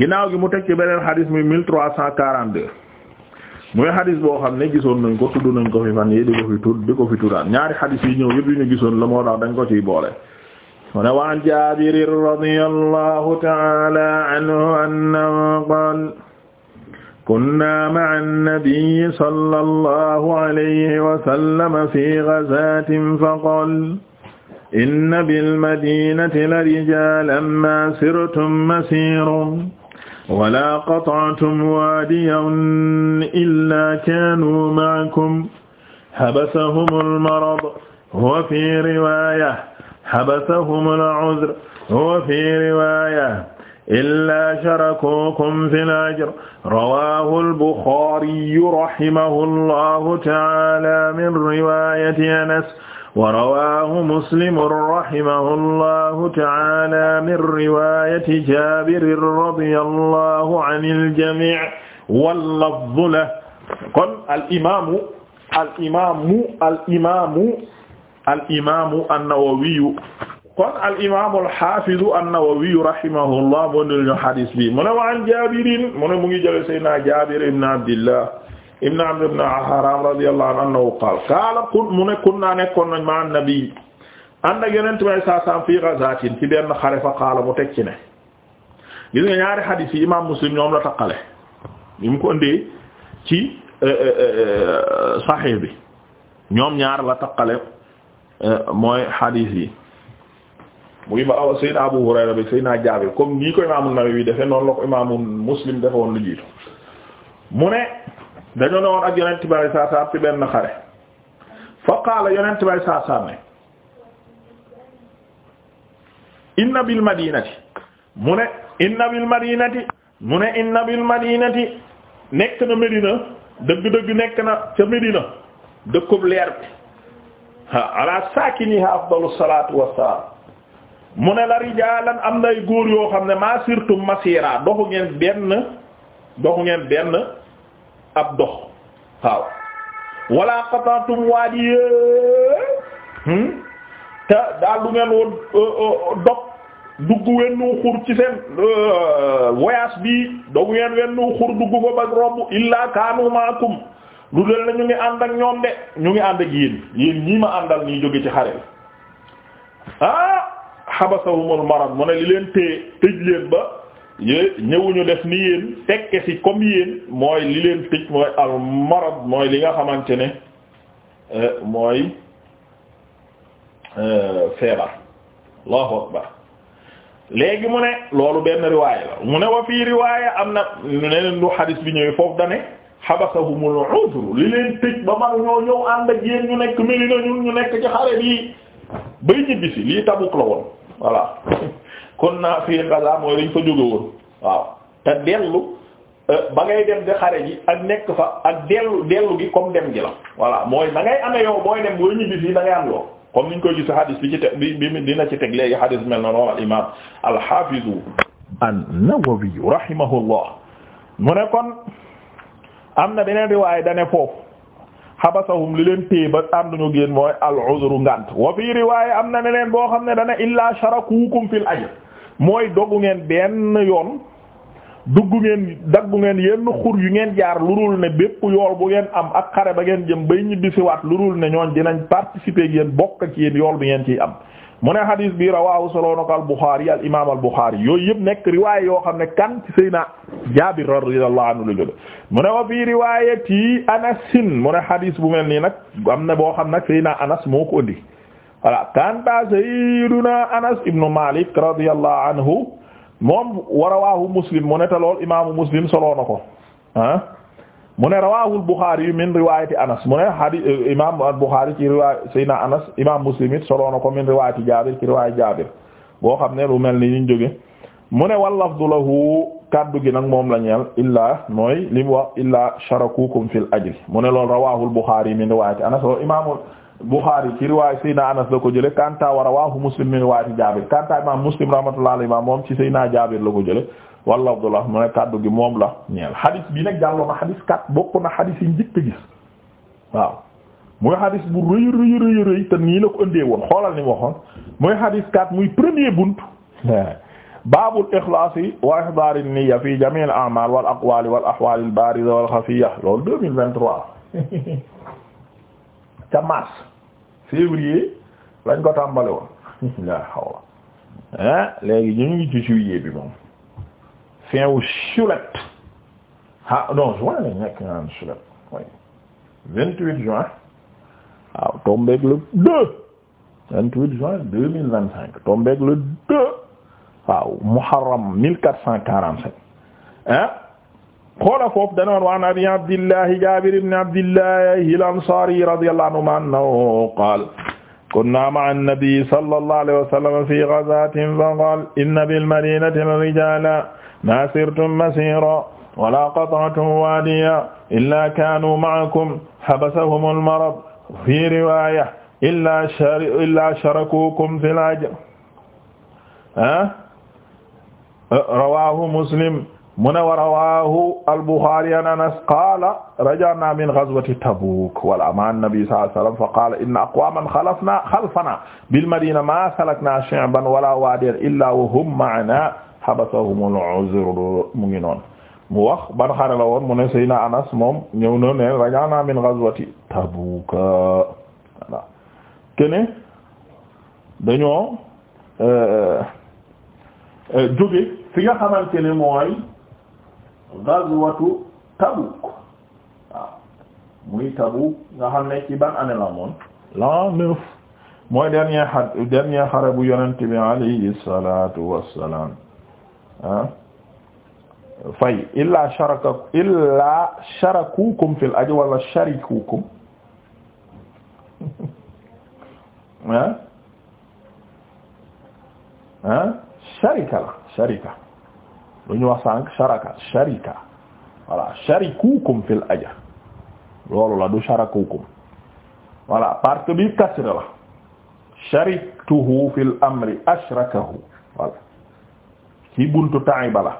ginaaw gi mu teg ci beneen xadis muy mille trois cent boo xam ne gisoon nañ ko tudd nañ ko fi fan yi di ko fi tudd di ko fi tuddaan ñaari xadis yi gisoon la moo tax ko ciy boole mu wa waan Jaabir radiyallahu ta'ala anhu annahu qaala kunna ma'a an-nabiyyi sallallahu alayhi wa sallam fi la rijaalan maa sirtum masiiran wala qata'tum waadiyan illaa kaanuu ma'akum habasahumul marad wa fii riwaaya habasahumul uzr wa fii riwaaya illaa sharakuukum fil ajr rawaahul buxaari rahimahullahu ta'aala min riwaayati anas wa rawaahu muslim rahimahullahu ta'ala min riwaayati jaabir radiyallahu anil jamii' wal lafzu lahu kon al imaamu al imaamu al imaamu al imaamu an-Nawawiyu kon al imaamu al haafidu an-Nawawiyu rahimahullah mu ne ñu hadiis bi mu ne wa an Jaabirin mu ne mu ngi jëlee Seydina Jaabir ibn Abdillah ibn Amr ibn Haram radiyallahu anhu qaal qaala mu ne kun naa nekkoon nañ ma annabi ànd ak yonent may fii ghazatin ci benn xare fa qaala mu teg ci gis nga ñaari xadiis yi imaam Muslim ñoom la taqale yi mu ko ëndee ci eh, eh, eh, Sahih bi ñoom ñaar la taqale mooy xadiis yi muy ma Seydina Abu Hurayra bi Seydina Jaabir comme nii ko imaamu Nawawi defe noonu la ko imaamu Muslim defe woon lu jiitu mu ne dañoo ne woon ak yonent bi saa ci benn xare fa qaala yonent bi saa ne inna bil madinati mu ne inna bil madinati ne nekk na Medina dëgg-dëgg nekk na ca Medina dëkkub leer bi ala saakiniha afdalu salaatu wassalaam mu ne la rijaalan am nay góor yoo xam ne maa sirtum masira doxu ngeen benn doxu ngeen benn ab dox waaw wala qata'tum waadiya hmm? te daal du ngeen woon euh, euh, dog dugg wennu xur ci seen euh, voyage bi dog ngeen wennu xur dugg ko ba romb illa kaanu maakum lu del na ñu ngi ànd ak ñoom de ñu ngi ànd ak yéen yéen ñii ma àndal nii jóge ci xare ah habasahumul marad mu ne li leen téye tëj leen ba yé ñëwuñu def ni yéen tekke ci comme yéen mooy li leen tëj mooy al marad mooy li nga xamante ne euh, mooy euh, feebar allahu akbar léegi mu ne loolu benn riwaaya la mu ne wa fii riwaaya am na neneen lu xadis bi ñëwee foofu dane xabasahumul udru li leen tëj ba mag ñoo ñëw ànd ak yéen ñu nekk Medina ñun ñu nekk ci xare bi bay ñibbisi lii Tabuk la woon voilà kunna fii gaza mooy dañ fa jóge woon waaw te dellu euh, ba ngay dem di xare ji ak nekk fa ak dellu dellu gi comme dem gi la voilà mooy da ngay amee yow booy dem booy ñibbi fii da ngay am loo comme niñ koy gis hadis bi ci teg bi bi dina ci teg léegi hadis mel na noonu al imam al hafiz an-Nawawi rahimahullah mu ne kon am na beneen riwaay dane foofu xabasahum li leen téye ba ànduñu génn mooy al uzru ngant wa fii riwaaya am na ne leen boo xam ne dana illaa sharakukum fil mooy dogu ngeen benn yoon dugg ngeen daggu ngeen yenn xur yu ngeen jaar lurul ne bépp yool bu ngeen am ak xare ba ngeen jëm bay ñibbi siwaat lurul ne ñooñ dinañ participer ak bokk ci yéen yool bi ngeen ciy am mu ne hadis bi rawahu soloona ko al Bukhari al imam al Bukhari yooyu yëpp nekk riwaayé yoo xam ne kan ci Seydina Jaabir radiyallahu anhu la jóge mu ne wa fii riwaayati Anas mu ne hadis bu mel nii nag am na boo xam nag Seydina Anas moo ko indi voilà kanta sayyiduna anas ibnu malik radiyallahu anhu moom wa rawahu muslim mu ne lool imaamu muslim soloo ko ah mu ne rawahu min riwayati anas mu ne hadith eh, imam al-Bukhari ci anas imam muslim it soloo ko min riwayati jabir ci riwayat jabir boo xam ne lu mel ni ñu jóge mu ne wal lafdu lahu kaddu gi nag moom la ñeel illaa mooy sharakukum fil ajri mu ne loolu rawahu min riwayati anas loolu imaam Bukhari ci riwaay Seydina Anas la ko jële kanta wa rawahu Muslim min riwaayati Jaabir kanta imam Muslim rahmatullahi alayhi moom ci Seydina Jaabir la ko jële walla Abdullah mu ne kaddu gi moom la ñeel bi nag jàlloon na kat bokk na hadis yi njëkk gis waaw muy hadis bu rëy rëy rëy rëy te nii la xoolal ni mu waxoon muy hadis kat muy premier bunt baabul ikhlaasi wa ihdaari niyya fi jamii al a'maal wal aqwaali wal ahwaali al baariza wal xafiyya loolu 2023 ca mars février lañ ko tàmbale woon laa xaw ah léegi ñu ngi ci juillet bi moom fin wu chulet ah non juin lañ nekk naan chulet oui vingt-huit juin waaw tombeeg le deux vingt-huit juin deux mille vingt-cinq tombeeg le deux waaw muharram mille xoola foofu danoon waan abi abdillahi jabir ibn abdillahi al-ansari radiyallahu anhu annahu qaal kunna ma'a an-nabi sallallahu alayhi wa sallam fi ghazatin fa qaal inna bil madinati rijalan ma sirtum masira wala qata'tum wadiya illa kanu ma'akum habasahum al-marad fi riwaya illa illa sharakukum fil ajr rawahu muslim mu ne wa rawahu al-Bukhari an Anas qaala raja'naa min ghazwati Tabuuk wala ma'a an-nabi sallallahu alayhi wa sallam fa qaala inna aqwaaman xalafnaa xalfanaa bil-madiina maa salaknaa shi'ban wala waadiyan illaa wa hum ma'anaa habasahumul 'uzr mu ngi noonu mu wax ban xare la woon mu ne Seydina Anas moom ñëw na ne raja'naa min ghazwati Tabuuk voilà kene dañoo euh, euh, jóge fi nga xamante ne mooy gazwatu Tabuk muy Tabuk nga xam ne ci ban année la moon l'an neuf mooy dernier xa bu yonent bi alayhi salatu wassalam ah fay illa sharaka illa sharakukum fil ajr wala sharikukum ah ah sharika la sharika lu wax sànq sharaka sharika voilà sharikukum fil ajr loolu la du sharakukum voilà parce bi kasra la shariktuhu fil amri ashrakahu voilà ci buntu ta'iba la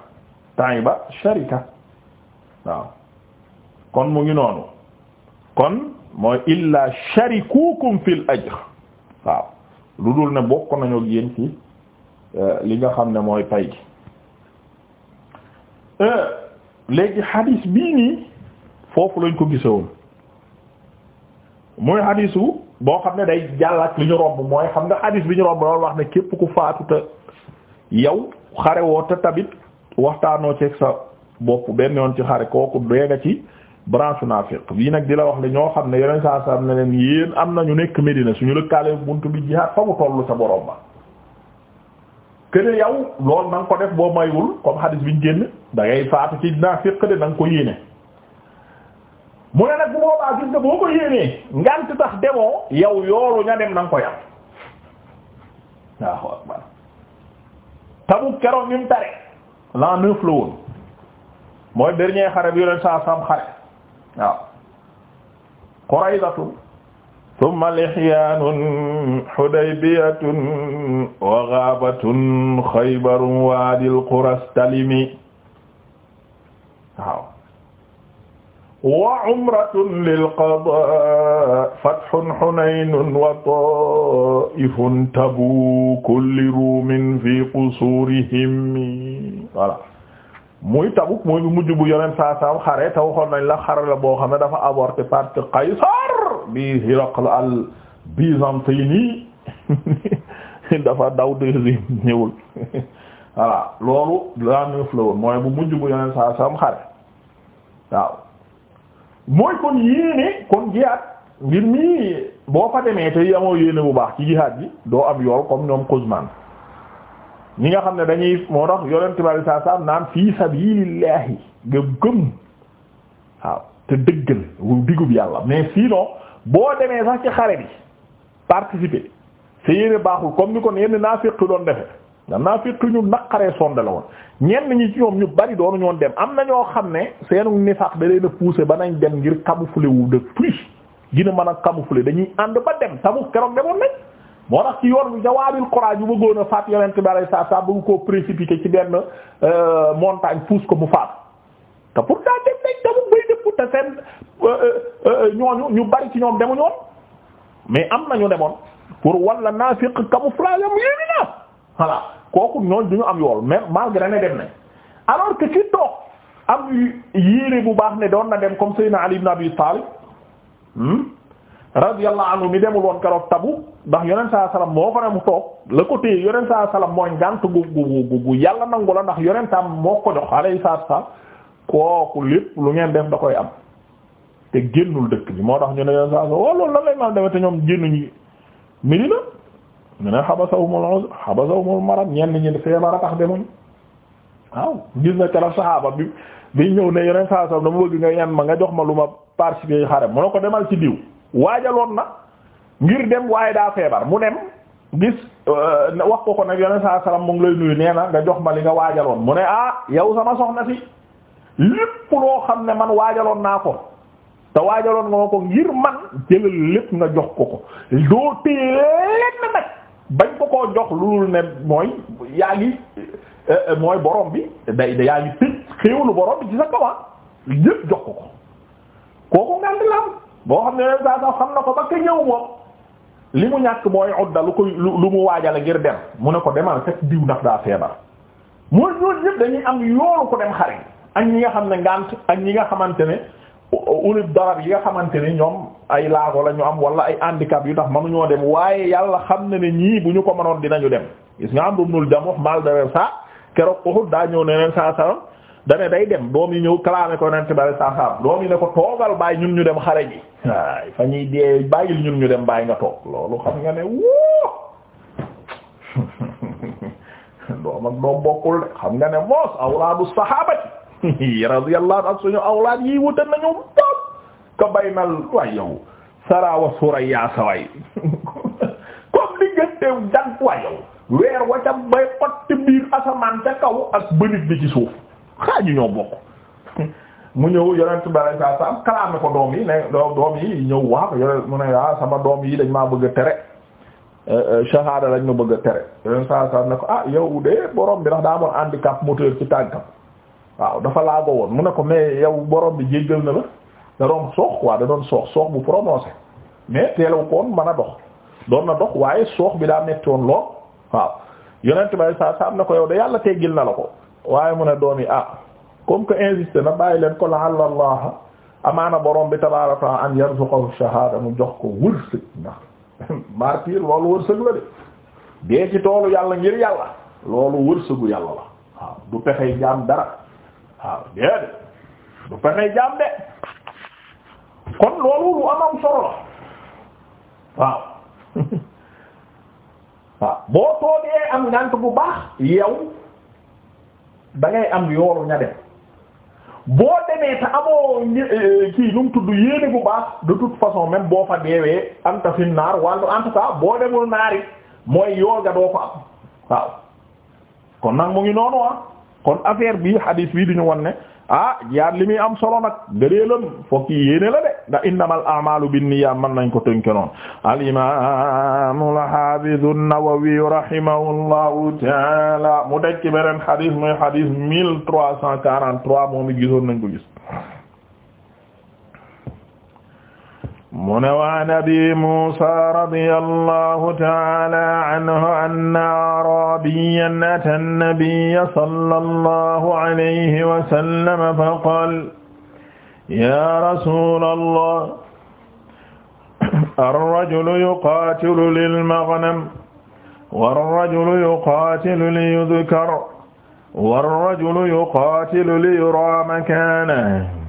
ta'iba sharika kon mu ngi noonu kon mooy illa sharikukum fil ajr waaw lu dul ne bokk nañu yéen ci euh, li nga xam ne mooy pay Euh, léegi xadiis bii nii foofu lañ ko gisewoon muy xadiisu boo xam ne day jàll ak li ñu romb mooy xam nga xadiis bi ñu romb loolu wax ne képp ku faatu te yow xare woo te tamit waxtaanoo ceeg sa bopp benn yoon ci xare kooku dee nga ci branche naafiq bii nag di la wax le ñoo xam ne yeneen saa saa ne leen yéen am na ñu nekk Medina suñu lëkkaale bunt bi jihaad fa mu tollu sa borom ba këne yow loolu na ko def boo maywul comme hadith biñ génn da ngay faatu ci naa féq de na ko yéene mu ne nag bu boobaa gis nga boo ko yéenee ngant tax demoo yow yoolu ña dem na ko yàq waaw keroog ñu mu tare l'an neuf la woon mooy dernier xare bi yo leen saa sam xare waaw Qurayzatu tumma lihyaanun hudaybiyatun wa ghaabatun khaybarun waadil qurastalimi waaw wa umratun lil qadaa fathun hunaynun wa taa'ifun tabuukun liruumin fii qusuurihim voilà muy Tabuk muy bu mujj bu yoneen saa saam xare te waxoon nañ la xare la boo xam ne dafa avorté parce que Qaysar bi Hiraql al Byzantini dafa daw deuxième ñëwul voilà loolu la neuf la woon mooy bu mujj bu yoneen saa saam xare waaw mooy kon yéene kon jihaad ngir mi boo fa demee te amoo yéene bu baax ci jihaad bi doo am yool comme ñoom Quzman ñi nga xam ne dañuy moo tax yonent bi saa saa naan fii sabilillahi nga gëm waaw te dëggal wu digub yàlla mais sinon boo demee sax ci xare bi participer sa yéene baaxul comme ni kon yenn naafiq doon defe da naafiq ñu naqaree sonde la woon ñenn ñi ci ñoom ñu bari doonu ñoon dem am na ñoo xam ne seenu nifaaq da leen a pousser ba nañ dem ngir camoufler wu de plus gina mën a camoufler dañuy ànd ba dem tamu keroog demoon nañ moo tax ci yoon bi jawaabil Quraan yu bëggoon a faat yonent bi alayhi salaatu salaam bëgg koo précipité ci benn euh, montagne pousse ko mu faat te pourtant dem nañ tamit bay dëpp te seen euh, euh, ñooñu ñu bari ci ñoom demu ñoon mais am nañu demoon pour walla naafiq camouflage am yéene na voilà kooku ñooñ du ñu am yool mais malgré ne dem nañ alors que ci toog am yéene bu baax ne doon na dem comme Seydina Ali na Abi Talib hmm? radiyallahu anhu mi demul woon keroog tabu ndax yonent saa salaam moo ko ne mu toog la ko téye yonent saa salaam mooy ngànt gu gu gu gu yàlla nangu la ndax yonentam moo ko jox alayhi salaam kooku lépp lu ngeen def da koy am te génnul dëkk bi moo tax ñu ne yonent saa salaam waaw oh loolu lan lay mën a demee te ñoom génnuñu Medina ñu ne xabasahumul xabasahumul marad ñenn ñi feebar a tax demuñ waaw gis na keroog saxaaba bi bi ñëw ne yonent saa salaam dama bëgg nga yan ma nga jox ma lu ma participer xare mu ne ko demal ci diw. waajaloon na ngir dem waaye daa feebar mu dem gis euh, wax ko ko nag yoneen saa salaam mu lay nuyu nee na nga jox ma li nga waajaloon mu ne ah yow sama soxna si lépp loo xam ne man waajaloon naa ko te waajaloon nga ko ngir man jëlal lépp nga jox ko ko doo téye lenn nag bañ ko koo jox lu ne mooy yaa ngi euh, euh, mooy borom bi day yaa ngi tëj xéewalu borom bi ci sa kawa ah, yëpp jox ko ko kooku ngànt la boo xam ne saa saa xam na ko ba ka ñëw moom li mu ñàkk mooy odda lu ko lu lu mu waajale ngir dem mu ne ko demal fekk diw ndax daa feebar mooy ñooñu ñëpp dañuy am yoonu ak ñi nga xam ne ngant ak ñi nga xamante ne ulib yi nga xamante ne ñoom ay laago la ñu am wala ay handicap yu tax mënuñoo dem waaye yàlla xam na ne ñii bu ñu ko mënoon dinañu dem gis nga am rumnul jamox mal de sa keroog Uhud daa ñëw ne neen saa salam dane day dem doom yi ñëw clamé ko yonent bari saasaam doom yi ne ko toogal bàyyi ñun ñu dem xare ji waay fa ñuy dee bàyyil ñun ñu dem bàyyi nga toog loolu xam nga ne woo doom ak doom bokkul de xam nga ne moos awlaadu sahabati radiyallahu ak suñu awlaad yi wuta nañu bopp ka baynal waay yow sarawa suraya saway comme diggante jant waay yow weer wa ca xotti biir asamaan ca kaw ak bënit bi ci suuf xaaju bokk mu ñëw yonent bari saa saa ko doom yi ne doom yi ñëw waaw ah doom yi dañ maa bëgg a tere euh, euh, shahada lañ ma bëgg a tere yonent saa saa ko ah yow de borom bi ndax daa amoon handicap moteur ci tànkam waaw dafa laago woon mu ne ko mais yow borom bi jéggal na la da doon soox quoi da doon soox soox bu dox doon na dox waaye soox bi daa metti woon lool waaw yonent bari ko yow de yàlla gil na la ko. waaye mu ne doom yi ah comme que insisté na bàyyi leen ko la'alla allah amaana borom bi tabaaraka wa an yarzuqahu shahada mu jox ko wërsëg martyr loolu wërsëg la de dee ci toolu yàlla ngir yàlla loolu wërsëgu yàlla la waaw du pexey jaam dara waaw déedéet du pexey jaam de kon loolu lu am am la waaw waaw boo toogee am ngànt bu baax yow da ngay am yoolu ña dem boo demee te amoo euh, kii nu mu tudd yéene bu baax de toute façon même boo fa deewee anta fi naar wàllu en tout cas boo demul naari mooy yool ga doo ko am waaw kon nag mu ngi noonu ah kon affaire bi hadith bi du ñu ah jihaad li muy am solo nag gëreelam fokk yéene la de ndax innamal a'maalu binniyaat mën nañ ko tënke noonu al imaam al haafiz an-Nawawi rahimahullahu taala mu dekk beneen xadis muy xadis mille trois cent quarante-trois moom i gisoon nañ ko gis mu ne waan abi muusa radiyallahu ta'ala anhu anna a'raabiyan ata an-nabiyya sallallahu alayhi wa sallam faqaala yaa rasuulallah ar-rajulu yuqaatilu lil-maghnam war-rajulu yuqaatilu liyudhkar war-rajulu yuqaatilu liyuraa makaanahu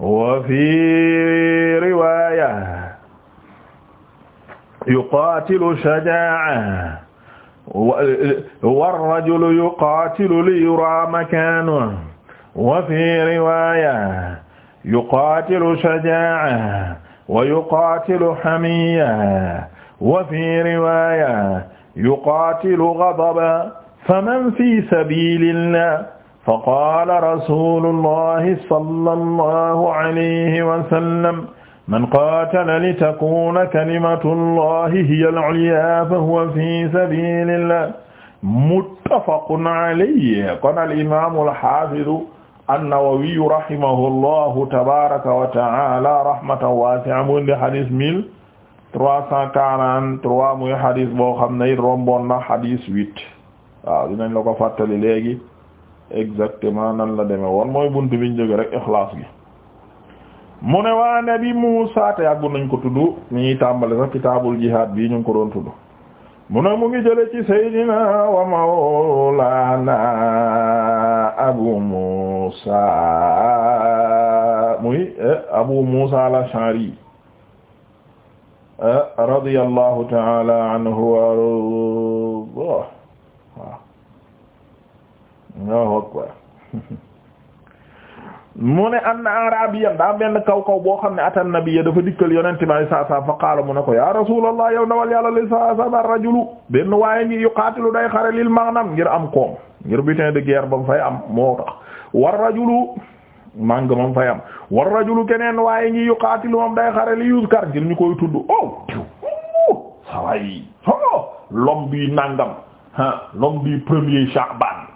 wa fii riwaaya yuqaatilu shajaa'a warrajulu yuqaatilu liyuraa makaanuhu wa fii riwaaya yuqaatilu shajaa'a wa yuqaatilu hamiyya wa fii riwaaya yuqaatilu ghadaban faman fii sabiilillah faqaala rasuulullahi sallallahu alayhi wa sallam man qaatala litakuuna kalimatullahi hiya al-ulyaa fahuwa fii sabiilillah muttafaqun alayhi kon al-imaamu al-haafidu an-nawawiyu rahimahullahu tabaaraka wa ta'aalaa rahmatan waasi'atan mu indi xadis mille trois cent quarante-trois muy xadis boo xam ne romboon na xadis huit waaw dinañ la ko fàttali léegi. exactement nan la demee woon mooy bunt biñ jóge rek ixlaas gi mu ne waa nabi Muusaa te yàggu nañ ko tudd ñu tàmbali sax kitaabul bii ñu ngi ko doon tudd mu ne mu ngi jële ci Seydina wa Mawlaana Abu Muusaa muy eh, Abu Muusaa al-Ash'ari eh, radiyallahu ta'ala anhu wa waaw akbar mu ne anna arabiyan daa benn kaw kaw boo xam ne atan nabiyya dafa dikkal yonente bi sallallahu alayhi wasallam fa qaala mu ne ko ya rasulallah yow ndawal yàlla li sallallahu alayhi wasallam rajulu benn waaye ngi yuqaatilu day xare lil maghnam ngir am koom ngir butin de guerre ba mu fay am moo tax war rajulu mang moom fay am war rajulu keneen waaye ngi yuqaatilu moom day xare li yuzkar ngir ñu koy tudd ow oh, oh, saway oh, l'homme du nangam l'homme du premier Sha'ban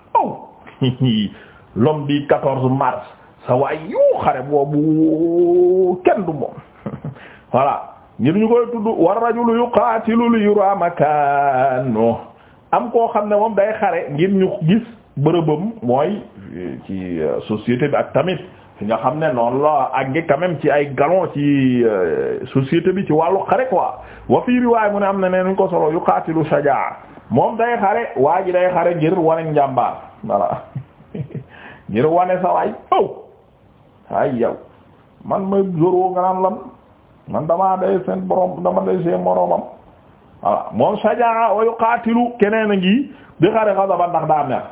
l'homme du 14 mars sa waay yu xare boobu kenn du moom voilà ngir ñu koy tudd war rajulu yuqaatilu li yura makaano am koo xam ne moom day xare ngir ñu gis bërëbam mooy euh, ci euh, société bi ak tamit fi xam ne noon la àgge quand ci ay galon ci euh, société bi ci wàllu xare quoi wa fii riwaay mu ne am na ne ñu ko solo yuqaatilu shajaa moom day xare waa ji day xare ngir wane njàmbaar voilà ngir wane sa waay oh! ay yow man ma joroo nga naan lan man damaa day seen borom dama day seen moromam voilà moom sajaa keneen a ngi di xare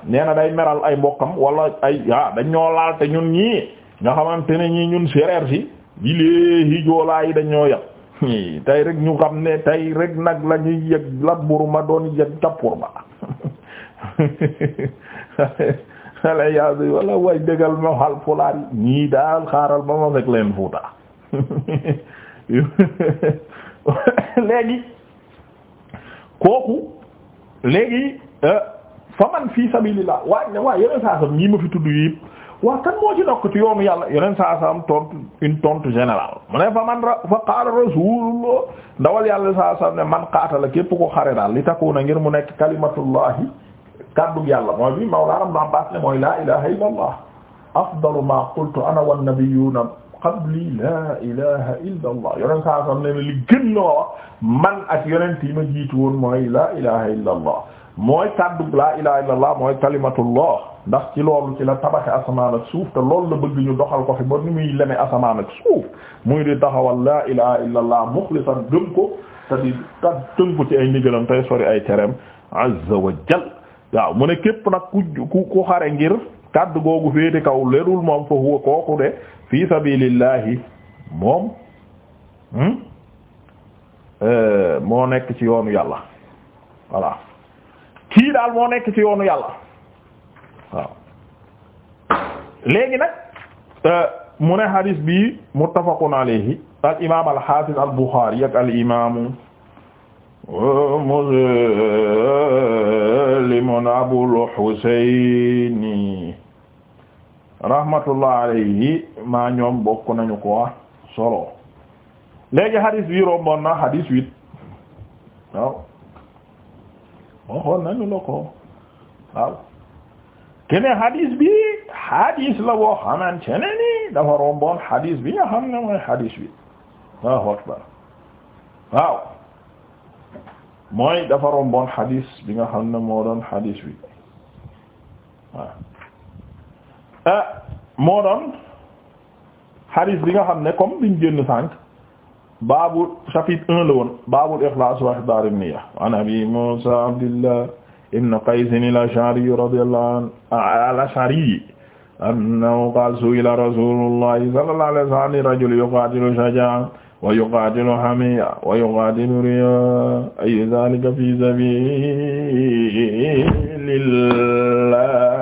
nee na day meral ay mbokkam wala ay ah dañ ñoo laal te ñun ñii nga xamante ne ñii ñun séeréer si yi léegi joolaa yi dañ ñoo yàq tey rek ñu xam ne tey rek nag la ñuy yëg la bur ma doon yëg tapur ma ala yaabi wala way dégal ma xal fulaar yi ñii daal xaaral ba ma fekk leen fuuta léegi kooku léegi euh, fa man fii sabilillah waaye waaye yeneen saa sam ñii ma fi tudd yi waa kan moo ci dokk ci yoonu yàlla yeneen saa salaam tontu une tontu générale mu ne fa man ra fa qaala rasulullah ndawal yàlla saa salaam ne man qaatala képp ko xare daal li takuna ngir mu nekk kalimatullahi kàddug yàlla mooy bi mawlaana ibn Abbaas ne mooy la ilaha illa allah afdalu ma qultu ana wan nabiyyuuna qabli laa ilaha illa allah yeneen saa loo man ak yonent yi ma jiitu woon mooy laa ilaha illa allah mooy kàddu laa ilaha illallah mooy kalimatullah ndax ci loolu ci la tabaxe asamaan ak suuf te loolu la bëgg ñu doxal ko fi ba ni muy leme asamaan ak suuf muy di taxawal laa ilaha illallah muxlisan gëm ko te di ta tënku ci ay ndigalam tey sori ay tereem azza wa jal waaw mu ne képp nag ku ku xare ngir kàddu googu féete kaw lerul moom fa huwa kooku de fi sabilillahi moom hmm? euh, moo nekk ci yoonu yàlla voilà kii daal moo nekk ci yoonu yàlla waaw léegi nag euh, mune ne bii bi muttafaqun alayhi al imaam al hafiz al bukhari ak al imaamu euh, muslimun abul husayni rahmatullah alayhi maa ñoom bokk nañu ko solo léegi hadis bi romboon na hadis huit waxoon nañu la ko waaw kene hadis bi hadis la boo xamante ne ni dafa romboon hadis bi nga xam ne mooy hadis bi Allahu akbar waaw mooy dafa romboon hadis bi nga xam ne moo doon hadis bi ah, doon hadis bi nga xam ne comme biñ génn sànq baabu chapitre un la woon baabul ixlaas wa ihdaari niyya an abi Muusaa Abdillah ibn Qays al-Ash'ari radiyallahu anhu al-Ash'ari annahu qaala su'ila rasuulullahi sallallahu alayhi wa sallam an rajulin yuqaatilu shajaa'an wa yuqaatilu hamiyyan wa yuqaatilu riyaa'an ay dhaalika fii sabiilillah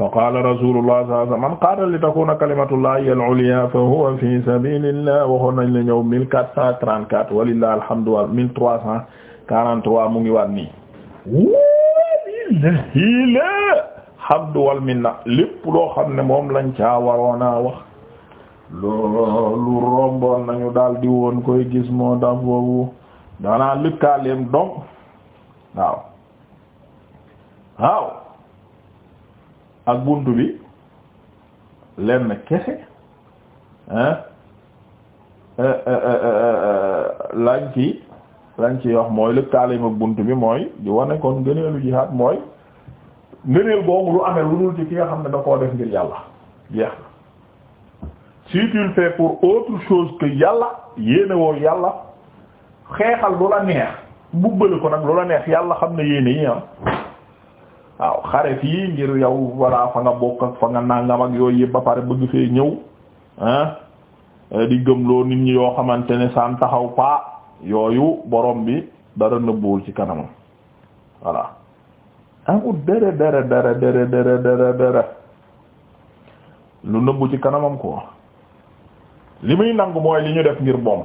fa qaala rasulullah sallallahu alayhi wa sallam man qaatala li takuna kalimatullahi al-ulya fa huwa fi sabilillah waxoon nañ la ñëw 1434 walillahi alhamdu wal 1343 mu ngi waat nii walillahi alhamdu wal minna lépp loo xam ne moom lañ caa waroona wax loolu romboon nañu daal di woon koy gis moo tax boobu daanaa lëkkaaleem donc waaw ak bunt bi lenn kese euh, euh, euh, lañ ci lañ ci wax mooy lëkkaaleem ak bunt bi mooy di wane kon ngëneelu jihaad mooy ngëneel boobu lu amee lu dul ci ki nga xam ne da koo def ngir yàlla jeex na si tu pour autre chose que yàlla yéene yàlla xeexal lu la neex mbubbale ko nag lu la neex yàlla xam ne yéene yi am ah. xare fii ngir yow walla fa nga bokk fa nga nangam ak yooyu ba pare bëgg fee ñëw ah di gëmloo nit ñi yoo xamante ne saan taxaw paa yooyu borom bi dara nëbbuwul ci kanamam voilà amul dara dara dara dara lu nëbbu ci kanamam quoi li muy nangu mooy li ñu def ngir moom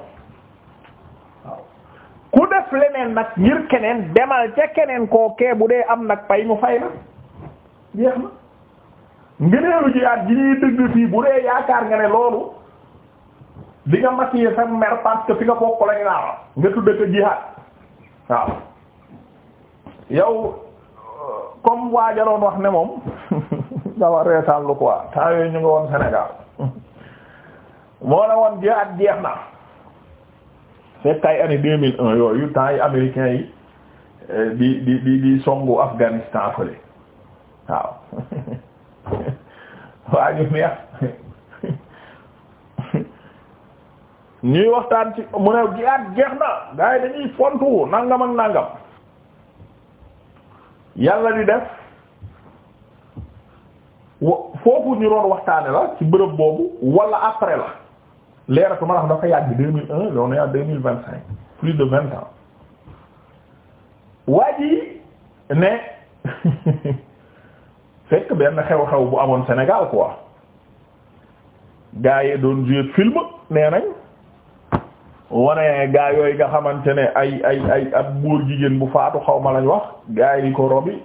ku def leneen nag ngir keneen demal ca keneen koo bu dee am nag pay mu fay na jeex na ngëneelu jihaad ji ñuy dëgg fii bu dee yaakaar nga ne loolu di nga matiye sa mer parce fi nga bokk lañu naa nga tudde ko jihaad waaw yow euh, comme waajaloon wax ne moom dama reetaan lu quoi temps yooyu ñu ngi woon Sénégal moo ne woon jihaad jeex na fekk ay année deux mille yooyu temps yi américains yi euh, di di di songu Afghanistan fële waaw waa ñu neex ñuy waxtaan ci mu ne jiyaat jeex na gaa yi dañuy fontu nangam ak nangam yàlla di def foofu ñu doon waxtaane la ci bërëb boobu wala après la leeratu ma la xam dafa yàgg deux mille un on deux mille vingt cinq plus de vingt ans waa ji ne fekk benn xew-xew bu amoon Sénégal quoi gaa yi doon jouer film nee nañ wane gaa yooyu nga xamante ne ay ay ay ab buur jigéen bu faatu xaw ma lañ wax gaa yi ko robi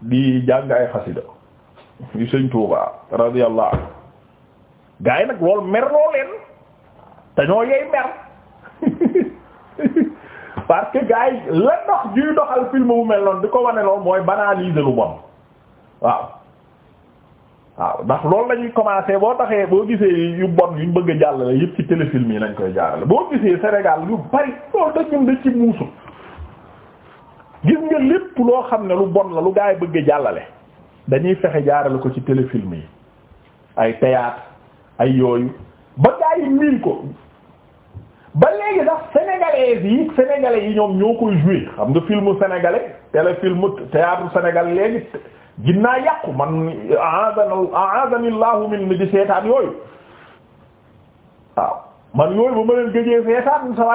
di jàng ay xasida yu sëñ Tuuba radiyallahu anhu gaa yi nag loolu mer loo leen te ñoo mer parce que gaa yi dox juy doxal film bu mel noonu di ko wane loolu mooy banaliser lu bon waaw waaw ndax loolu la ñuy boo taxee boo gisee yu bon ñu bëgg a jàllale yëpp ci téléfilm yi lañ koy jaarale boo gisee Sénégal yu bari loolu da ñun da loo xam ne lu bon la lu gaa yi bëgg a jàllale dañuy fexe jaarale ko ci téléfilm yi ay théâtre ay yooyu ba gaa yi miin ko ba léegi sax sénégalais yi sénégalais yi ñoom ñoo koy jouer xam nga filmu sénégalais téléfilm théâtre sénégalais léegi naa yàqu man aadana aadani min ni seetaan yooyu waaw man yooyu ba ma leen géjee seetaan sa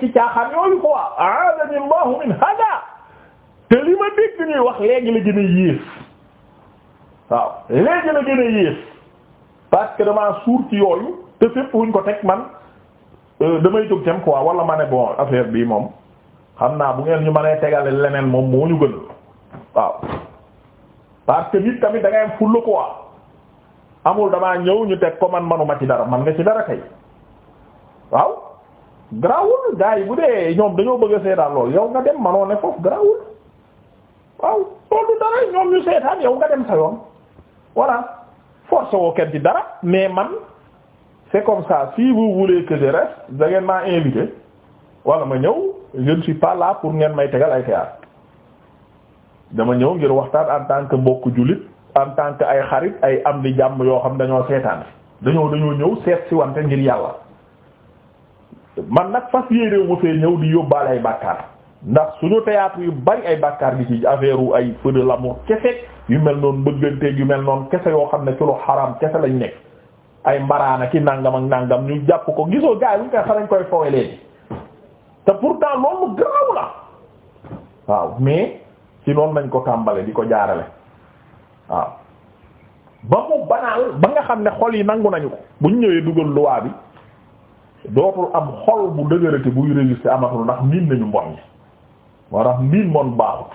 ci caaxaan yooyu quoi aadani llahu min hada te li ma dégg ñuy wax léegi la gën a yées waaw léegi la gën a yées parce damaa suur ci yooyu te fépp wuñ ko teg man euh, damay jóg tem ko wala ma ne bon affaire bii moom xam naa bu ngeen ñu mënee tegal leneen moom moo ñu gën waaw parce que nit tamit da ngay fulla ko waa amul damaa ñëw ñu teg ko man manuma ci dara man nga ci dara kay waaw grawul gars yi bu dee ñoom dañoo bëgg a seetaan loolu yow nga dem manoo ne foofu grawul waaw loolu dara ñoom ñu seetaan yow nga dem sa yoon voilà force woo kenn ci dara mais man c'est comme ça si vous voulez que je maa invité wala ma ñëw je ne suis pour ngeen may tegal ay théâtre dama ñëw ngir waxtaan en tant que mbokk jullit en tant que ay xarit ay am di jàmm yoo xam ne dañoo seetaan dañoo dañoo ñëw seet si wante ngir yàlla man nag fas yéeneewu ma fee ñëw di yóbbaale ay bàkkaar ndax suñu théâtre yu bari ay bàkkaar gi ci affaire ay feu de l'amour kese yu mel noonu bëgganteeg yu mel noonu kese yoo xam ne ci lu xaram kese lañ nekk ay mbaraana ki nangam ak nangam ñu jàpp ko gisoo gaay bu koy xarañ te pourtant loolu garaw waaw mais ci noonu lañ ko tàmbale di ko jaarale waaw ba mu banaal ba nga xam ne xol yi nangu nañu ko bu ñu ñëwee dugal luwaa bi dootul am xol bu dëgërati buy résister amatul ndax miin nañu mbon ñi moo tax miin moon baaxut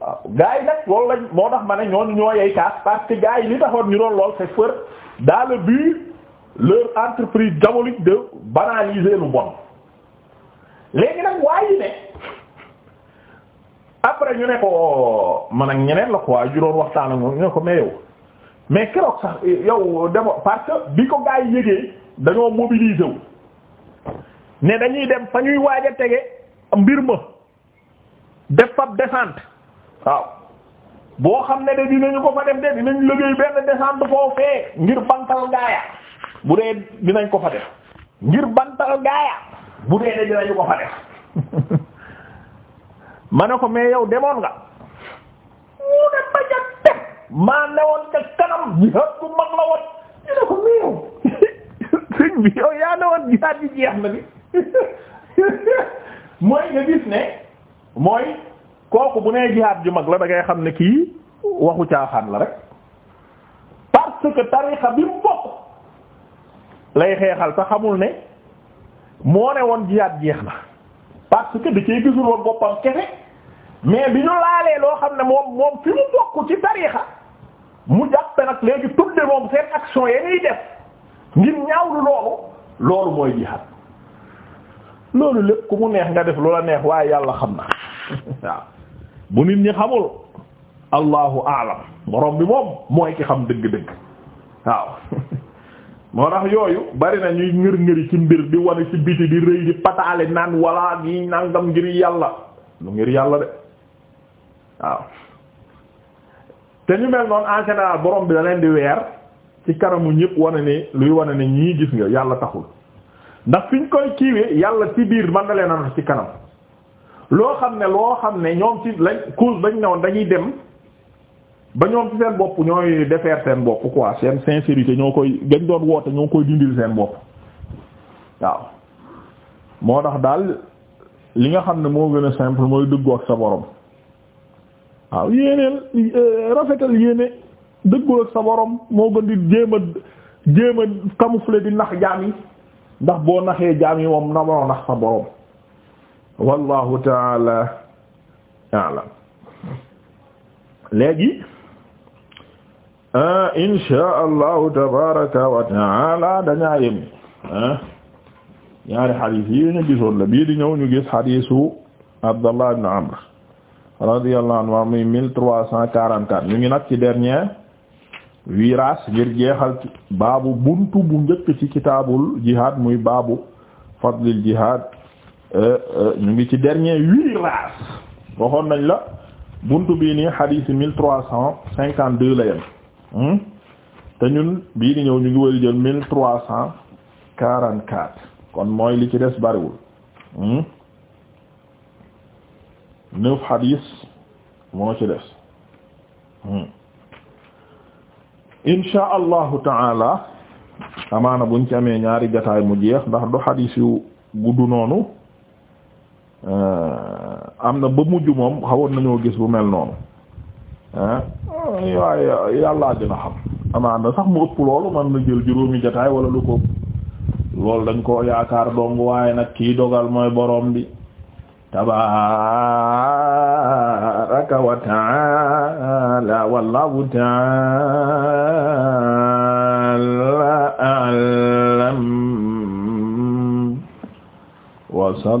waaw gars yi nag loolu lañ moo tax ma ne ñooñu ñoo yey kaas parce que gars yi li taxoon ñu doon lool c'est fort dans le but leur entreprise diabolique de banaliser lu bon léegi nag waaye ne après ñu ne ko man ak ñeneen la quoi juróom waxtaan ak ñu ne ko mais yow mais keroog sax yow demo parce que bi ko gaa yi yëgee dañoo mobiliser wu ne dañuy dem fa ñuy waaj a tege mbir ma def fab descente waaw boo xam ne de dinañu ko fa def de dinañ liggéey benn descente foofee ngir bantal gaaya bu dee dinañ ko fa def ngir bantal gaaya bu dee ne dinañu ko fa def ma ko mais yow demoon nga mu ne ba ja teg maa ca kanam jihaad bu mag la woon ñu ne ko mais yow sëñ bi yow yaa newoon jihaad bi jeex na bi mooy nga gis ne mooy kooku bu ne jihaad ju mag la dangay xam ne kii waxu caaxaan la rek parce que tarixa bi mu bokk lay xeexal te xamul ne moo ne woon jiyaat jeex na parce que da cee gisul woon boppam kese mais bi ñu laalee loo xam ne moom moom fi mu bokk ci tariixa mu jàppe nag léegi tudde moom seen action ya ñuy def ngir ñaawlu loolu loolu mooy jihaad loolu lépp ku mu neex nga def loola neex waaye yàlla xam na waaw bu nit ñi xamul allahu aalam borom bi moom mooy ki xam dëgg-dëgg waaw moo tax yooyu bari na ñuy ngir ngëri ci mbir di wane ci biti di rëy di pataale naan wala yi nangam ngir yàlla lu ngir yàlla de waaw te ñu mel noonu en général borom bi da di weer ci kanamu ñëpp wane ne luy wane ne ñii gis nga yàlla taxul ndax fiñ koy kiiwee yàlla ci biir mën na leen a ci kanam loo xam ne loo xam ne ñoom ci lañ cause dañ newoon dañuy dem ba ñoom ci seen bopp ñooy defeer seen bopp quoi seen sincérité ñoo koy gañ doon woote ñoo koy dindil seen bopp waaw moo tax daal li nga xam ne moo gën a simple mooy dëggoo ak sa borom waaw yéeneel euh, rafetal yéene dëggoo ak sa borom moo gën di jéem a jéem a camoufler di nax jaam yi ndax boo naxee jaam yi moom na waroo nax sa borom wallahu taala léegi Ah, insha allahu tabaraka wa taala dañaa yem ah, ñaari xadis yi ñu gisoon la bii di ñëw ñu gis xadisu Abdallah ibn Amr radiyallahu anhu muy mille trois cent quarante-quatre ñu ngi nag ci dernier virage ngir jeexal baabu buntu bu njëkk ci kitaabul jihad muy baabu fadlil jihad eh, eh, ñu ngi ci dernier virage waxoon nañ la buntu bii nii xadisi mille trois cent cinquante-deux la yem Hmm? te ñun bii di ñëw ñu ngi war a jël mille trois cent quarante quatre kon mooy li ci des bariwul hmm? neuf hadis moo ci des hmm? insha allahu taala amaana buñ ci amee ñaari jataay mu jeex ndax du hadis yu gudd noonu euh, am na ba mujj moom xawoon nañoo gis bu mel noonu waaye yàllaa dina xam amaana sax mu ëpp loolu man na jël juróomi jataay wala lu ko loolu ko yaakaar dong waaye nag kii dogal mooy borom bi tabaaraka wa taala wallahu taala alam wasal